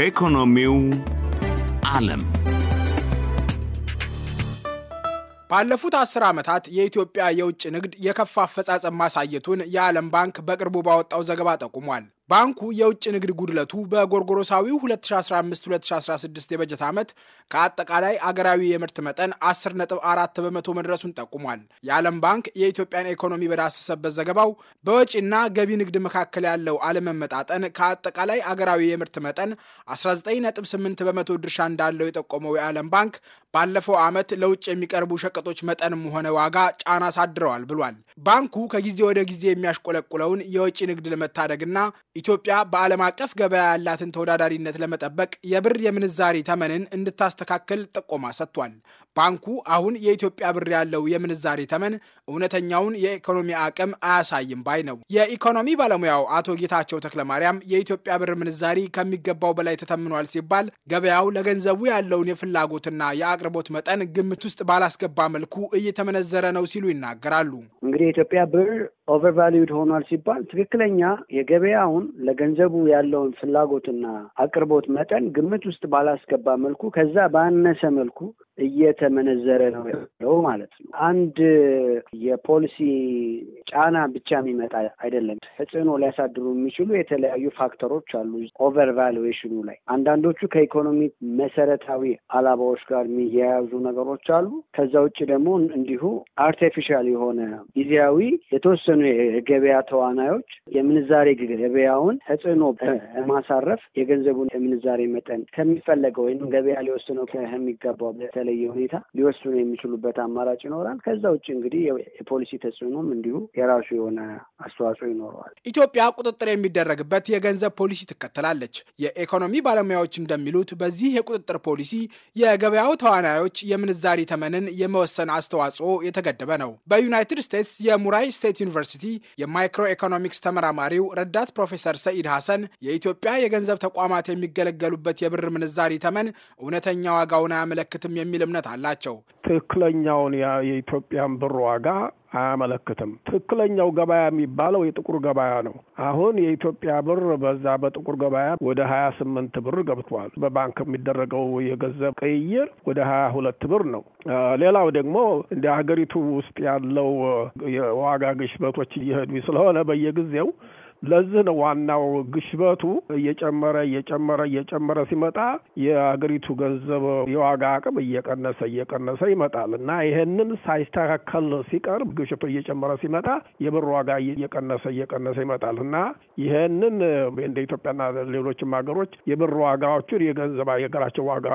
ከኢኮኖሚው ዓለም ባለፉት አስር ዓመታት የኢትዮጵያ የውጭ ንግድ የከፋ አፈጻጸም ማሳየቱን የዓለም ባንክ በቅርቡ ባወጣው ዘገባ ጠቁሟል። ባንኩ የውጭ ንግድ ጉድለቱ በጎርጎሮሳዊው 2015-2016 የበጀት ዓመት ከአጠቃላይ አገራዊ የምርት መጠን 10.4 በመቶ መድረሱን ጠቁሟል። የዓለም ባንክ የኢትዮጵያን ኢኮኖሚ በዳሰሰበት ዘገባው በወጪና ገቢ ንግድ መካከል ያለው አለመመጣጠን ከአጠቃላይ አገራዊ የምርት መጠን 19.8 በመቶ ድርሻ እንዳለው የጠቆመው የዓለም ባንክ ባለፈው ዓመት ለውጭ የሚቀርቡ ሸቀጦች መጠንም ሆነ ዋጋ ጫና አሳድረዋል ብሏል። ባንኩ ከጊዜ ወደ ጊዜ የሚያሽቆለቁለውን የወጪ ንግድ ለመታደግና ኢትዮጵያ በዓለም አቀፍ ገበያ ያላትን ተወዳዳሪነት ለመጠበቅ የብር የምንዛሪ ተመንን እንድታስተካክል ጥቆማ ሰጥቷል። ባንኩ አሁን የኢትዮጵያ ብር ያለው የምንዛሪ ተመን እውነተኛውን የኢኮኖሚ አቅም አያሳይም ባይ ነው። የኢኮኖሚ ባለሙያው አቶ ጌታቸው ተክለማርያም የኢትዮጵያ ብር ምንዛሪ ከሚገባው በላይ ተተምኗል ሲባል ገበያው ለገንዘቡ ያለውን የፍላጎትና የ አቅርቦት መጠን ግምት ውስጥ ባላስገባ መልኩ እየተመነዘረ ነው ሲሉ ይናገራሉ። እንግዲህ የኢትዮጵያ ብር ኦቨርቫሊዩድ ሆኗል ሲባል ትክክለኛ የገበያውን ለገንዘቡ ያለውን ፍላጎትና አቅርቦት መጠን ግምት ውስጥ ባላስገባ መልኩ ከዛ ባነሰ መልኩ እየተመነዘረ ነው ያለው ማለት ነው። አንድ የፖሊሲ ጫና ብቻ የሚመጣ አይደለም። ተጽዕኖ ሊያሳድሩ የሚችሉ የተለያዩ ፋክተሮች አሉ። ኦቨር ቫሉዌሽኑ ላይ አንዳንዶቹ ከኢኮኖሚ መሰረታዊ አላባዎች ጋር የሚያያዙ ነገሮች አሉ። ከዛ ውጭ ደግሞ እንዲሁ አርቲፊሻል የሆነ ጊዜያዊ የተወሰኑ የገበያ ተዋናዮች የምንዛሬ ገበያውን ተጽዕኖ በማሳረፍ የገንዘቡን የምንዛሬ መጠን ከሚፈለገው ወይም ገበያ ሊወስነው ከሚገባው በተለየ ሁኔታ ሊወስኑ የሚችሉበት አማራጭ ይኖራል። ከዛ ውጭ እንግዲህ የፖሊሲ ተጽዕኖም እንዲሁ የራሱ የሆነ አስተዋጽኦ ይኖረዋል። ኢትዮጵያ ቁጥጥር የሚደረግበት የገንዘብ ፖሊሲ ትከተላለች። የኢኮኖሚ ባለሙያዎች እንደሚሉት በዚህ የቁጥጥር ፖሊሲ የገበያው ተዋናዮች የምንዛሪ ተመንን የመወሰን አስተዋጽኦ የተገደበ ነው። በዩናይትድ ስቴትስ የሙራይ ስቴት ዩኒቨርሲቲ የማይክሮ ኢኮኖሚክስ ተመራማሪው ረዳት ፕሮፌሰር ሰኢድ ሐሰን የኢትዮጵያ የገንዘብ ተቋማት የሚገለገሉበት የብር ምንዛሪ ተመን እውነተኛ ዋጋውን አያመለክትም የሚል የሚል እምነት አላቸው። ትክክለኛውን የኢትዮጵያን ብር ዋጋ አያመለክትም። ትክክለኛው ገበያ የሚባለው የጥቁር ገበያ ነው። አሁን የኢትዮጵያ ብር በዛ በጥቁር ገበያ ወደ ሀያ ስምንት ብር ገብቷል። በባንክ የሚደረገው የገንዘብ ቅይይር ወደ ሀያ ሁለት ብር ነው። ሌላው ደግሞ እንደ ሀገሪቱ ውስጥ ያለው የዋጋ ግሽበቶች እየሄዱ ስለሆነ በየጊዜው ለዚህ ነው ዋናው ግሽበቱ እየጨመረ እየጨመረ እየጨመረ ሲመጣ የአገሪቱ ገንዘብ የዋጋ አቅም እየቀነሰ እየቀነሰ ይመጣል እና ይሄንን ሳይስተካከል ሲቀር ግሽበቱ እየጨመረ ሲመጣ የብር ዋጋ እየቀነሰ እየቀነሰ ይመጣል እና ይሄንን እንደ ኢትዮጵያና ሌሎችም ሀገሮች የብር ዋጋዎቹን የገንዘብ የሀገራቸው ዋጋ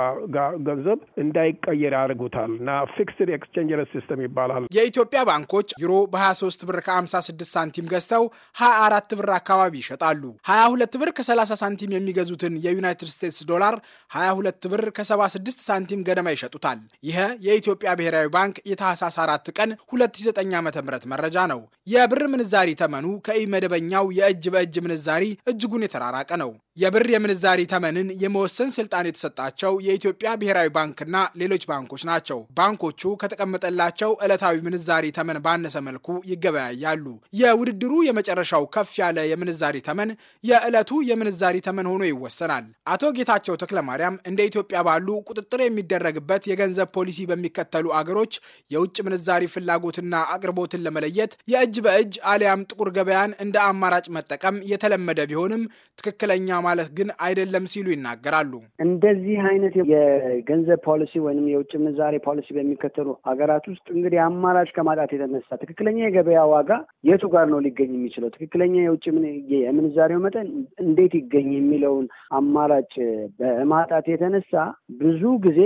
ገንዘብ እንዳይቀየር ያደርጉታል እና ፊክስድ ኤክስቼንጅ ሬት ሲስተም ይባላል። የኢትዮጵያ ባንኮች ዩሮ በ23 ብር ከ56 ሳንቲም ገዝተው 24 ብር አካባቢ ይሸጣሉ። 22 ብር ከ30 ሳንቲም የሚገዙትን የዩናይትድ ስቴትስ ዶላር 22 ብር ከ76 ሳንቲም ገደማ ይሸጡታል። ይህ የኢትዮጵያ ብሔራዊ ባንክ የታህሳስ 4 ቀን 2009 ዓ.ም መረጃ ነው። የብር ምንዛሪ ተመኑ ከኢመደበኛው የእጅ በእጅ ምንዛሪ እጅጉን የተራራቀ ነው። የብር የምንዛሪ ተመንን የመወሰን ስልጣን የተሰጣቸው የኢትዮጵያ ብሔራዊ ባንክና ሌሎች ባንኮች ናቸው። ባንኮቹ ከተቀመጠላቸው ዕለታዊ ምንዛሪ ተመን ባነሰ መልኩ ይገበያያሉ። የውድድሩ የመጨረሻው ከፍ ያለ የምንዛሪ ተመን የዕለቱ የምንዛሪ ተመን ሆኖ ይወሰናል። አቶ ጌታቸው ተክለማርያም እንደ ኢትዮጵያ ባሉ ቁጥጥር የሚደረግበት የገንዘብ ፖሊሲ በሚከተሉ አገሮች የውጭ ምንዛሪ ፍላጎትና አቅርቦትን ለመለየት የእጅ በእጅ አሊያም ጥቁር ገበያን እንደ አማራጭ መጠቀም የተለመደ ቢሆንም ትክክለኛ ማለት ግን አይደለም ሲሉ ይናገራሉ። እንደዚህ አይነት የገንዘብ ፖሊሲ ወይም የውጭ ምንዛሬ ፖሊሲ በሚከተሉ ሀገራት ውስጥ እንግዲህ አማራጭ ከማጣት የተነሳ ትክክለኛ የገበያ ዋጋ የቱ ጋር ነው ሊገኝ የሚችለው፣ ትክክለኛ የውጭ የምንዛሬው መጠን እንዴት ይገኝ የሚለውን አማራጭ በማጣት የተነሳ ብዙ ጊዜ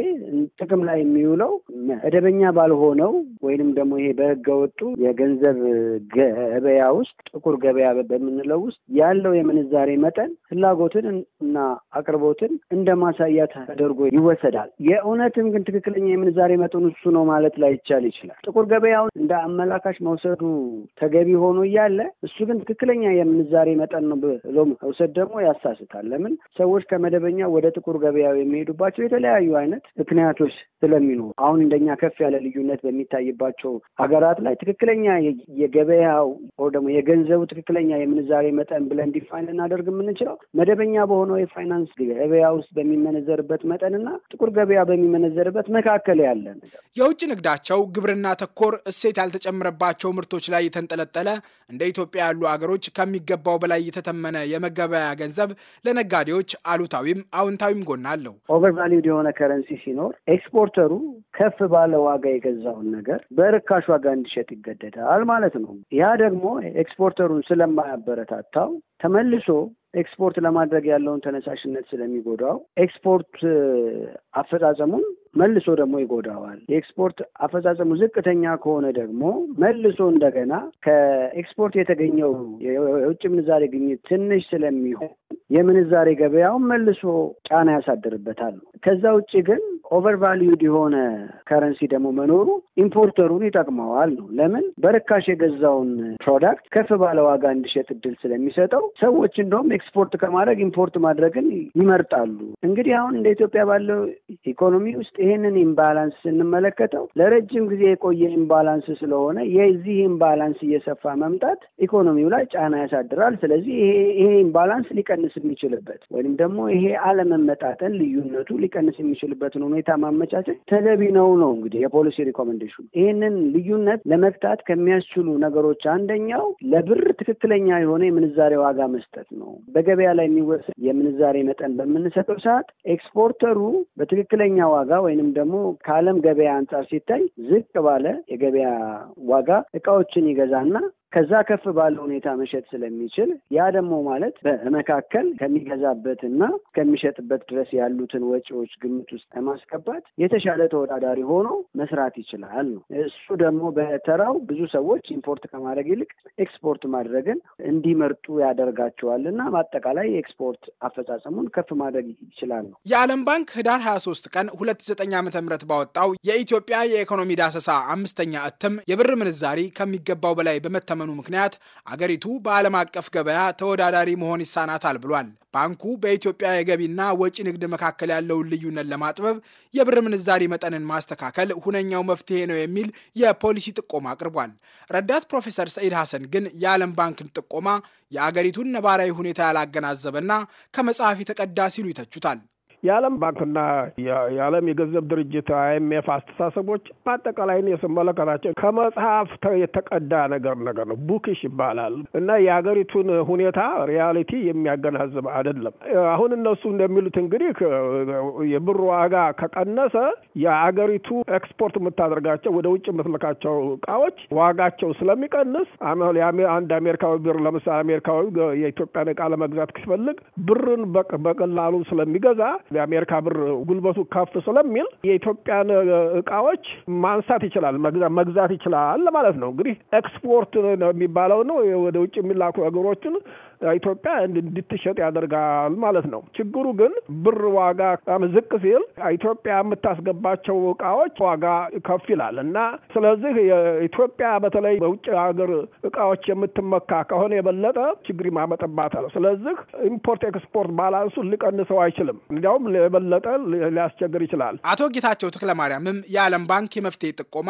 ጥቅም ላይ የሚውለው መደበኛ ባልሆነው ወይንም ደግሞ ይሄ በህገ ወጡ የገንዘብ ገበያ ውስጥ ጥቁር ገበያ በምንለው ውስጥ ያለው የምንዛሬ መጠን ፍላጎ ፍላጎትን እና አቅርቦትን እንደ ማሳያ ተደርጎ ይወሰዳል። የእውነትም ግን ትክክለኛ የምንዛሬ መጠኑ እሱ ነው ማለት ላይቻል ይችላል። ጥቁር ገበያውን እንደ አመላካች መውሰዱ ተገቢ ሆኖ እያለ እሱ ግን ትክክለኛ የምንዛሬ መጠን ነው ብሎ መውሰድ ደግሞ ያሳስታል። ለምን ሰዎች ከመደበኛ ወደ ጥቁር ገበያው የሚሄዱባቸው የተለያዩ አይነት ምክንያቶች ስለሚኖሩ አሁን እንደኛ ከፍ ያለ ልዩነት በሚታይባቸው ሀገራት ላይ ትክክለኛ የገበያው ደግሞ የገንዘቡ ትክክለኛ የምንዛሬ መጠን ብለን ዲፋይን ልናደርግ የምንችለው መደበኛ በሆነው የፋይናንስ ገበያ ውስጥ በሚመነዘርበት መጠንና ጥቁር ገበያ በሚመነዘርበት መካከል ያለ ነገር። የውጭ ንግዳቸው ግብርና ተኮር እሴት ያልተጨመረባቸው ምርቶች ላይ የተንጠለጠለ እንደ ኢትዮጵያ ያሉ አገሮች ከሚገባው በላይ የተተመነ የመገበያያ ገንዘብ ለነጋዴዎች አሉታዊም አዎንታዊም ጎና አለው። ኦቨር ቫሊድ የሆነ ከረንሲ ሲኖር ኤክስፖርተሩ ከፍ ባለ ዋጋ የገዛውን ነገር በርካሽ ዋጋ እንዲሸጥ ይገደዳል ማለት ነው። ያ ደግሞ ኤክስፖርተሩን ስለማያበረታታው ተመልሶ ኤክስፖርት ለማድረግ ያለውን ተነሳሽነት ስለሚጎዳው ኤክስፖርት አፈጻጸሙን መልሶ ደግሞ ይጎዳዋል። የኤክስፖርት አፈጻጸሙ ዝቅተኛ ከሆነ ደግሞ መልሶ እንደገና ከኤክስፖርት የተገኘው የውጭ ምንዛሬ ግኝት ትንሽ ስለሚሆን የምንዛሬ ገበያውን መልሶ ጫና ያሳድርበታል። ከዛ ውጭ ግን ኦቨርቫሊዩድ የሆነ ከረንሲ ደግሞ መኖሩ ኢምፖርተሩን ይጠቅመዋል ነው። ለምን በርካሽ የገዛውን ፕሮዳክት ከፍ ባለ ዋጋ እንዲሸጥ እድል ስለሚሰጠው ሰዎች እንደውም ኤክስፖርት ከማድረግ ኢምፖርት ማድረግን ይመርጣሉ። እንግዲህ አሁን እንደ ኢትዮጵያ ባለው ኢኮኖሚ ውስጥ ይህንን ኢምባላንስ ስንመለከተው ለረጅም ጊዜ የቆየ ኢምባላንስ ስለሆነ የዚህ ኢምባላንስ እየሰፋ መምጣት ኢኮኖሚው ላይ ጫና ያሳድራል። ስለዚህ ይሄ ኢምባላንስ ሊቀንስ የሚችልበት ወይም ደግሞ ይሄ አለመመጣጠን ልዩነቱ ሊቀንስ የሚችልበትን ሁኔታ ማመቻቸት ተገቢ ነው ነው እንግዲህ የፖሊሲ ሪኮሜንዴሽን። ይህንን ልዩነት ለመፍታት ከሚያስችሉ ነገሮች አንደኛው ለብር ትክክለኛ የሆነ የምንዛሬ ዋጋ መስጠት ነው። በገበያ ላይ የሚወሰድ የምንዛሬ መጠን በምንሰጠው ሰዓት ኤክስፖርተሩ በትክክለኛ ዋጋ ወይንም ደግሞ ከዓለም ገበያ አንጻር ሲታይ ዝቅ ባለ የገበያ ዋጋ እቃዎችን ይገዛና ከዛ ከፍ ባለ ሁኔታ መሸጥ ስለሚችል ያ ደግሞ ማለት በመካከል ከሚገዛበትና ከሚሸጥበት ድረስ ያሉትን ወጪዎች ግምት ውስጥ ለማስገባት የተሻለ ተወዳዳሪ ሆኖ መስራት ይችላል ነው። እሱ ደግሞ በተራው ብዙ ሰዎች ኢምፖርት ከማድረግ ይልቅ ኤክስፖርት ማድረግን እንዲመርጡ ያደርጋቸዋል እና በአጠቃላይ የኤክስፖርት አፈጻጸሙን ከፍ ማድረግ ይችላል ነው። የዓለም ባንክ ህዳር 23 ቀን 29 ዓ ም ባወጣው የኢትዮጵያ የኢኮኖሚ ዳሰሳ አምስተኛ እትም የብር ምንዛሪ ከሚገባው በላይ በመተ በመመናመኑ ምክንያት አገሪቱ በዓለም አቀፍ ገበያ ተወዳዳሪ መሆን ይሳናታል ብሏል። ባንኩ በኢትዮጵያ የገቢና ወጪ ንግድ መካከል ያለውን ልዩነት ለማጥበብ የብር ምንዛሪ መጠንን ማስተካከል ሁነኛው መፍትሄ ነው የሚል የፖሊሲ ጥቆማ አቅርቧል። ረዳት ፕሮፌሰር ሰኢድ ሐሰን ግን የዓለም ባንክን ጥቆማ የአገሪቱን ነባራዊ ሁኔታ ያላገናዘበና ከመጽሐፍ የተቀዳ ሲሉ ይተቹታል። የዓለም ባንክና የዓለም የገንዘብ ድርጅት አይኤምኤፍ አስተሳሰቦች በአጠቃላይን የስመለከታቸው ከመጽሐፍ የተቀዳ ነገር ነገር ነው ቡክሽ ይባላል እና የሀገሪቱን ሁኔታ ሪያሊቲ የሚያገናዝብ አይደለም። አሁን እነሱ እንደሚሉት እንግዲህ የብር ዋጋ ከቀነሰ የአገሪቱ ኤክስፖርት የምታደርጋቸው ወደ ውጭ የምትልካቸው እቃዎች ዋጋቸው ስለሚቀንስ አንድ አሜሪካዊ ብር ለምሳሌ አሜሪካዊ የኢትዮጵያን እቃ ለመግዛት ሲፈልግ ብርን በቀላሉ ስለሚገዛ የአሜሪካ ብር ጉልበቱ ከፍ ስለሚል የኢትዮጵያን እቃዎች ማንሳት ይችላል፣ መግዛት ይችላል ማለት ነው። እንግዲህ ኤክስፖርት የሚባለው ነው ወደ ውጭ የሚላኩ ነገሮችን ኢትዮጵያ እንድትሸጥ ያደርጋል ማለት ነው። ችግሩ ግን ብር ዋጋ ዝቅ ሲል ኢትዮጵያ የምታስገባቸው እቃዎች ዋጋ ከፍ ይላል እና ስለዚህ የኢትዮጵያ በተለይ በውጭ ሀገር እቃዎች የምትመካ ከሆነ የበለጠ ችግር ማመጠባታል። ስለዚህ ኢምፖርት ኤክስፖርት ባላንሱ ሊቀንሰው አይችልም። እንዲያውም የበለጠ ሊያስቸግር ይችላል። አቶ ጌታቸው ተክለ ማርያምም የዓለም ባንክ የመፍትሄ ጥቆማ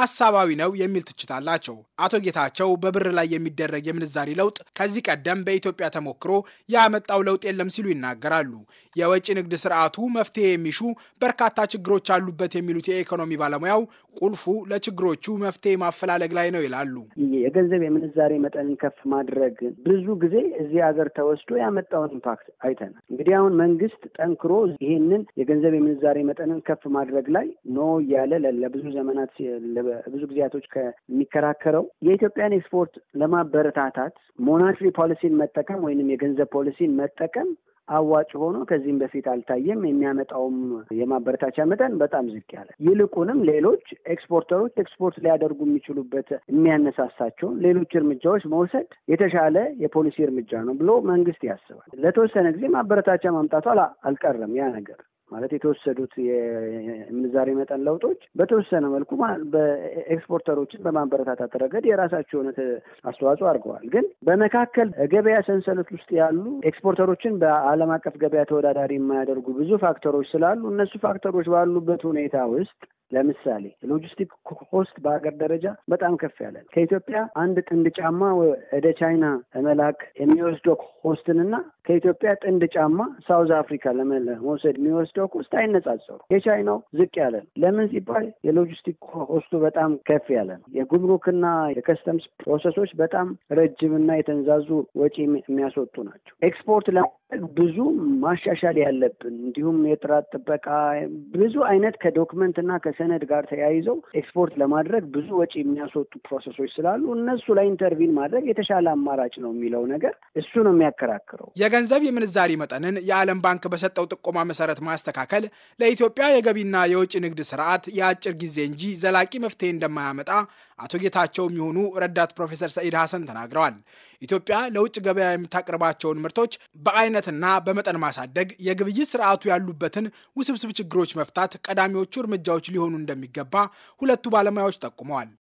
ሀሳባዊ ነው የሚል ትችት አላቸው። አቶ ጌታቸው በብር ላይ የሚደረግ የምንዛሪ ለውጥ ከዚህ ቀደም በኢትዮጵያ ተሞክሮ ያመጣው ለውጥ የለም ሲሉ ይናገራሉ። የወጪ ንግድ ስርዓቱ መፍትሄ የሚሹ በርካታ ችግሮች አሉበት የሚሉት የኢኮኖሚ ባለሙያው ቁልፉ ለችግሮቹ መፍትሄ ማፈላለግ ላይ ነው ይላሉ። የገንዘብ የምንዛሬ መጠንን ከፍ ማድረግ ብዙ ጊዜ እዚህ ሀገር ተወስዶ ያመጣውን ኢምፓክት አይተናል። እንግዲህ አሁን መንግስት ጠንክሮ ይህንን የገንዘብ የምንዛሬ መጠንን ከፍ ማድረግ ላይ ኖ እያለ ለብዙ ዘመናት ብዙ ጊዜያቶች ከሚከራከረው የኢትዮጵያን ኤክስፖርት ለማበረታታት ሞናትሪ ፖሊሲን መጠቀም ወይንም የገንዘብ ፖሊሲን መጠቀም አዋጭ ሆኖ ከዚህም በፊት አልታየም። የሚያመጣውም የማበረታቻ መጠን በጣም ዝቅ ያለ፣ ይልቁንም ሌሎች ኤክስፖርተሮች ኤክስፖርት ሊያደርጉ የሚችሉበት የሚያነሳሳቸውን ሌሎች እርምጃዎች መውሰድ የተሻለ የፖሊሲ እርምጃ ነው ብሎ መንግስት ያስባል። ለተወሰነ ጊዜ ማበረታቻ ማምጣቱ አልቀረም ያ ነገር ማለት የተወሰዱት የምንዛሬ መጠን ለውጦች በተወሰነ መልኩ በኤክስፖርተሮችን በማበረታታት ረገድ የራሳቸውን አስተዋጽኦ አድርገዋል። ግን በመካከል ገበያ ሰንሰለት ውስጥ ያሉ ኤክስፖርተሮችን በዓለም አቀፍ ገበያ ተወዳዳሪ የማያደርጉ ብዙ ፋክተሮች ስላሉ እነሱ ፋክተሮች ባሉበት ሁኔታ ውስጥ ለምሳሌ ሎጂስቲክ ኮስት በሀገር ደረጃ በጣም ከፍ ያለ ነው። ከኢትዮጵያ አንድ ጥንድ ጫማ ወደ ቻይና ለመላክ የሚወስደው ኮስትን እና ከኢትዮጵያ ጥንድ ጫማ ሳውዝ አፍሪካ ለመውሰድ የሚወስደው ኮስት አይነጻጸሩ። የቻይናው ዝቅ ያለ ነው። ለምን ሲባል የሎጂስቲክ ኮስቱ በጣም ከፍ ያለ ነው። የጉምሩክና የከስተምስ ፕሮሰሶች በጣም ረጅምና የተንዛዙ ወጪ የሚያስወጡ ናቸው። ኤክስፖርት ለማድረግ ብዙ ማሻሻል ያለብን እንዲሁም የጥራት ጥበቃ ብዙ አይነት ከዶክመንት ከ ከሰነድ ጋር ተያይዘው ኤክስፖርት ለማድረግ ብዙ ወጪ የሚያስወጡ ፕሮሰሶች ስላሉ እነሱ ላይ ኢንተርቪን ማድረግ የተሻለ አማራጭ ነው የሚለው ነገር እሱ ነው የሚያከራክረው። የገንዘብ የምንዛሪ መጠንን የዓለም ባንክ በሰጠው ጥቆማ መሰረት ማስተካከል ለኢትዮጵያ የገቢና የውጭ ንግድ ስርዓት የአጭር ጊዜ እንጂ ዘላቂ መፍትሄ እንደማያመጣ አቶ ጌታቸው የሚሆኑ ረዳት ፕሮፌሰር ሰኢድ ሐሰን ተናግረዋል። ኢትዮጵያ ለውጭ ገበያ የምታቀርባቸውን ምርቶች በአይነትና በመጠን ማሳደግ፣ የግብይት ስርዓቱ ያሉበትን ውስብስብ ችግሮች መፍታት ቀዳሚዎቹ እርምጃዎች ሊሆኑ እንደሚገባ ሁለቱ ባለሙያዎች ጠቁመዋል።